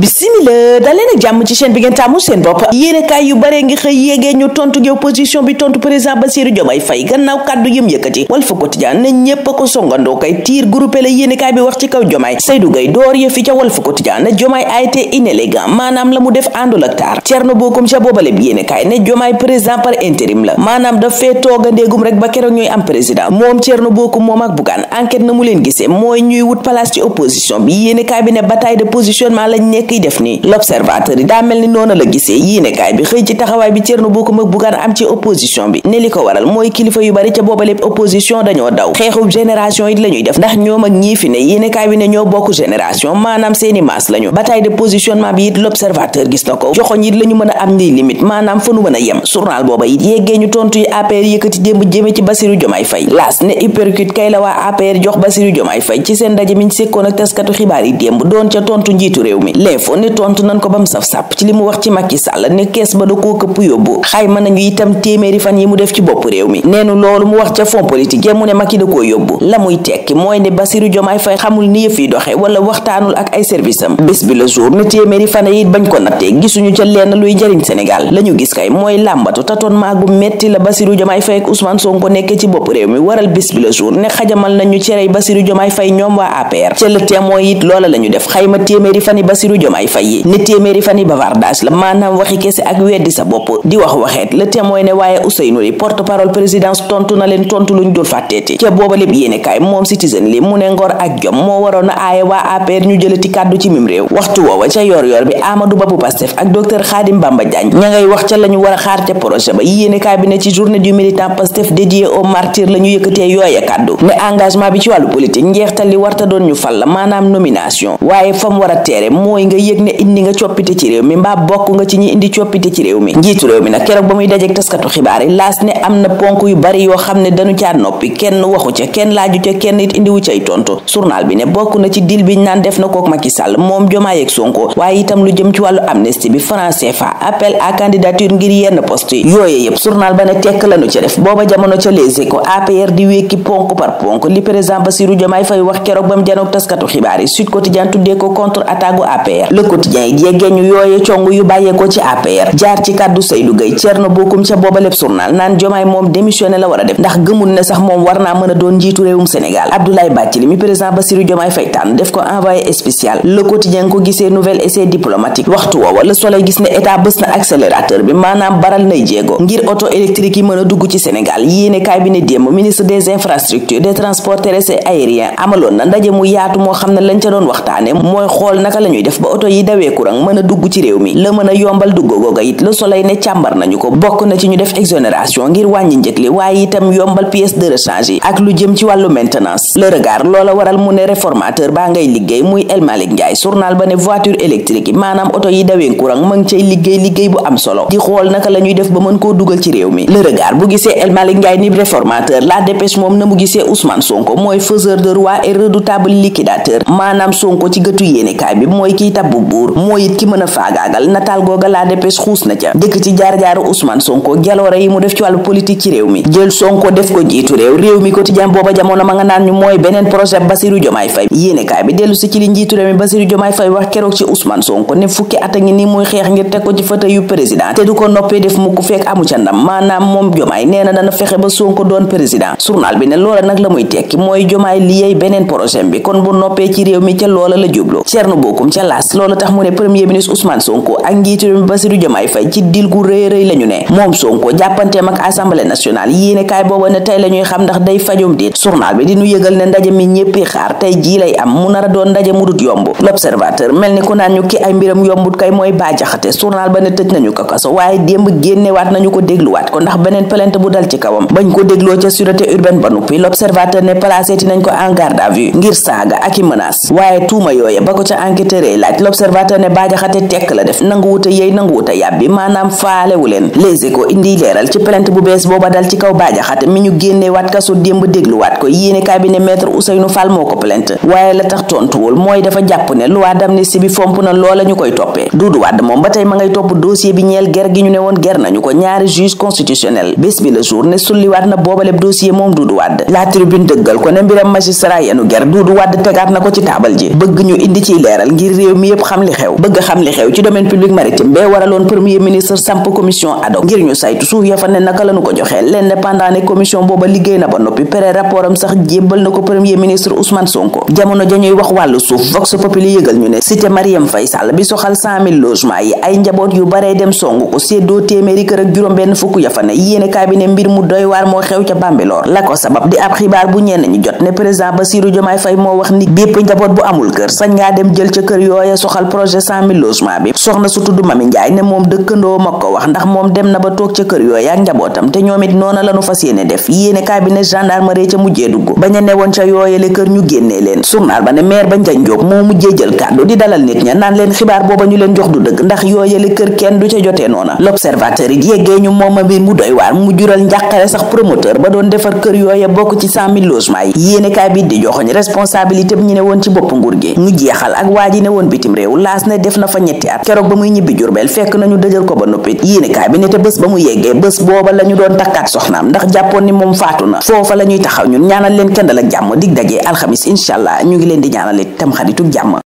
bisimila dalee nag jàmm ci chaîne bi ngeen tàmmu seen bopp yéenekaay yu bare ngi xëy yéegee ñu tontu gi opposition bi tontu président Bassirou Diomaye Faye gannaaw kàddu yëm yëkkati Walf Quotidien ne ñépp a ko songandoo kay tiir groupé la yéenekaay bi wax ci kaw Diomaye Seydou Gueye door ya fi ca Walf Quotidien ne Diomaye a été maanaam la mu def àndul ak taar Thierno Bocoum ca boobale yéenekaay ne Diomaye président par intérim la kiy def nii l'observateur yi daa mel ni noonu la gisee yéenekaay bi xëy ci taxawaay bi Thierno Bocoum ak Bougane am ci opposition bi ne li ko waral mooy kilifa yu bari ca boobaleb opposition dañoo daw xeexub génération it la ñuy def ndax ñoo ak ñii fi ne yéenekaay bi ne ñoo bokk génération maanaam seeni maas lañu bataille de positionnement bi it l'observateur gis na ko joxoñ it la ñu mën a am ni limite maanaam fa nu mën a yem journal booba it yeggee ñu tontu yi APR yëkkati démb jëme ci mi Info ni tontu nan ko ba mu saf sàpp ci li mu wax ci Macky Sall ne kees ba da koo këpp yóbbu xayma nañu itam téeméeri fan yi mu def ci bopp réew mi neenu loolu mu wax ca fond politique ya mu ne Macky da koo yóbbu la muy tekki mooy ne Bassirou Diomaye Faye xamul ni yëf yi wala waxtaanul ak ay service am bés bi le jour téeméeri fan yi bañ ko nattee gisuñu ca lenn luy jariñ Sénégal la ñu gis kay mooy làmbatu tâtonnement gu metti la Bassirou Diomaye fay ak Ousmane Sonko nekkee ci bopp réew mi waral bés bi le jour ne xajamal nañu cerey Bassirou Diomaye Faye ñoom waa APR ca le témoin it loola lañu def xayma téeméeri fan yi jomaay fay yi ne téeméeri fan yi bavardage la maanaam waxi kese ak weddi sa bopp di wax waxeet le témoin ne waaye Ousseynou li porte parole présidence tontu na leen tontu luñ dul fàtteeti ca booba lépp yéenekaay moom citizen li mu ne ngor ak jom moo waroon a aaye waa APR ñu jëlati kàddu ci mim réew waxtu woowa ca yor yor bi Amadou Ba bu Pastef ak docteur Khadim Bamba Diagne ña wax ca la ñu xaar te projet ba yéenekaay bi ne ci journée du nga yëg ne indi nga coppite ci réew mi mbaa bokk nga ci ñi indi coppite ci réew mi njiitu réew mi nag keroog ba muy dajeek taskatu xibaar yi laas ne am na ponk yu bari yoo xam ne dañu ca bi na ci dil def na kook Macky Sall moom Diomaye ak Sonko waaye itam lu jëm ci wàllu amnistie bi franc CFA appel à candidature ngir yenn poste yi yooye yëpp journal ba ne tekk lañu ca def booba jamono ca Les Échos di wékki ponk par ponk li président Bassirou Diomaye Faye wax keroog ba mu janoog taskatu xibaar yi Sud Quotidien tuddee ko contre attaque APR APR le quotidien yi yeggee ñu yooye cong yu bàyyeekoo ci APR jaar ci kàddu Seydou Gueye Thierno Bocoum ca boobaleb journal naan jomaay moom démissionné la war a def ndax gëmul ne sax moom war naa mën a doon njiitu réewum Sénégal Abdoulaye Bathily mi président Bassirou Diomaye Faye tànn def ko envoyé spécial le quotidien ko gisee nouvel essai diplomatique waxtu woowa le soleil gis ne état bës na accélérateur bi maanaam baral nay jéego ngir auto électrique yi a dugg ci Sénégal yéene kaay bi ne démb ministre des oto yi dawee courant mën a dugg ci réew mi la mën a yombal dugg googa it Le Soleil ne càmbar nañu ko bokk na ci ñu def exonération ngir wàññi njëg li waaye itam yombal pièce de rechange ak lu jëm ci wàllu maintenance Le Regard loola waral mu ne réformateur baa ngay liggéey muy El Malick Ndiaye journal ba ne voiture électrique yi maanaam oto yi dawee courant ma ngi cay liggéey liggéey bu am solo di xool naka la ñuy def ba mën ko dugal ci réew mi Le Regard bu gisee El Malick Ndiaye ni réformateur la dabbu buur moo it ki mën a faagaagal nataal googa la dépêche xuus na ca dëkk ci jaar-jaaru Ousmane Sonko ko jiitu a ngi ni muy xeex ngir teg ci fëtë bi ne loola nag la muy tekki mooy Diomaye liyey beneen projet bi kon bu noppee ci réew mi ca loola la jublu Cerno Bokum ca laas loolu tax mu ne premier ministre Ousmane Sonko ak njiitu réew mi Bassirou Diomaye Faye ci dil gu rëy rëy la ñu ne moom Sonko jàppanteem ak assemblée nationale yéene kaay booba ne tey la ñuy xam ndax day fajum déet journal bi di ñu yëgal ne ndaje mi ñéppi xaar tey jii am mu nar a doon ndaje mu dut yomb l'observateur mel ni ku naan ñu ki ay mbiram yombut kay mooy Bah ba ne tëj nañu ko kaso waaye démb génnewaat nañu ko dégluwaat ko ndax beneen plainte bu dal ci kawam bañ ko dégloo ca sûreté urbaine ba noppi l'observateur ne placé ti nañ ko en garde à vue ngir saaga ak i menace waaye tuuma yooye ba ko ca enquêteur laaj laaj l'observateur ne baajaxate tekk la def nangu wuta yey nangu wuta yàbbi maanaam faalewu leen les échos indi leeral ci plainte bu bees booba dal ci kaw baajaxate mi ñu génnee waat kaso démb dégluwaat ko yéene cabinet maître Ousseynou Fall moo ko plainte waaye la tax tontuwul mooy dafa jàpp ne loi d'amnistie bi fomp na loola ñu koy toppee Doudou Wade moom ba tey ma ngay topp dossier bi ñeel ger gi ñu ne woon ger nañu ko ñaari juge constitutionnel bés bi la journée sulliwaat na boobaleb dossier moom Doudou Wade la tribune ko ne mbiram magistrat yenu ger Doudou Wade tegaat na ko ci ji bëgg ñu indi ciy leeral yëpp xam li xew bëgg xam li xew ci domaine public maritime bee waraloon premier ministre samp commission ad hoc ngir ñu saytu suuf ya ne naka lañu ko joxee l'indépendant ne commission booba liggéey na ba noppi premier ministre Ousmane Sonko jamono jañuy wax wàllu suuf vox populi yëgal ñu ne cité Mariam Faye Sall bi soxal 100000 logements yi ay njaboot yu baree dem songu ko séddoo téeméeri kër ak juróom benn fukk ya fa ne yéene cabinet mbir mu doy waar moo xew ca Bambilor la ko sabab di ab xibaar bu ñenn ñu jot ne président Bassirou Diomaye Faye moo wax ni bépp njaboot bu amul kër sañ ngaa dem jël ca loolee soxal projet cent mille logement bi soxna su tudd Mami Njaay ne moom dëkkandoo ma ko wax ndax moom dem na ba toog ca kër yooyu ak njabootam te ñoom it noona lanu fas yéene def yéene cabinet gendarmerie ca mujjee dugg bañ a newoon ca yooyale kër ñu génnee leen journal ba ne maire ba Njañ moo mujjee jël kàddu di dalal nit ña naan leen xibaar booba ñu leen jox du dëgg ndax yooyale kër kenn du ca jotee noona l'observateur it yeggee ñu mooma bi mu doy mu jural ba doon defar kër yooye bokk ci cent mille logement yi yéene kaay bi di joxoñ ñu ne woon ci bopp bitim réew laas ne def na fa ñetti at keroog ba muy ñibbi Jurbel fekk nañu dëjël ko ba noppi yéenekaay bi ne te bés ba mu yeggee bés booba la ñu doon takkaat soxnaam ndax jàppoon ni moom faatu na foofa la ñuy taxaw ñun ñaanal leen kenn la jàmm dig dajee alxamis incha allah ñu ngi leen di ñaanal tam jàmm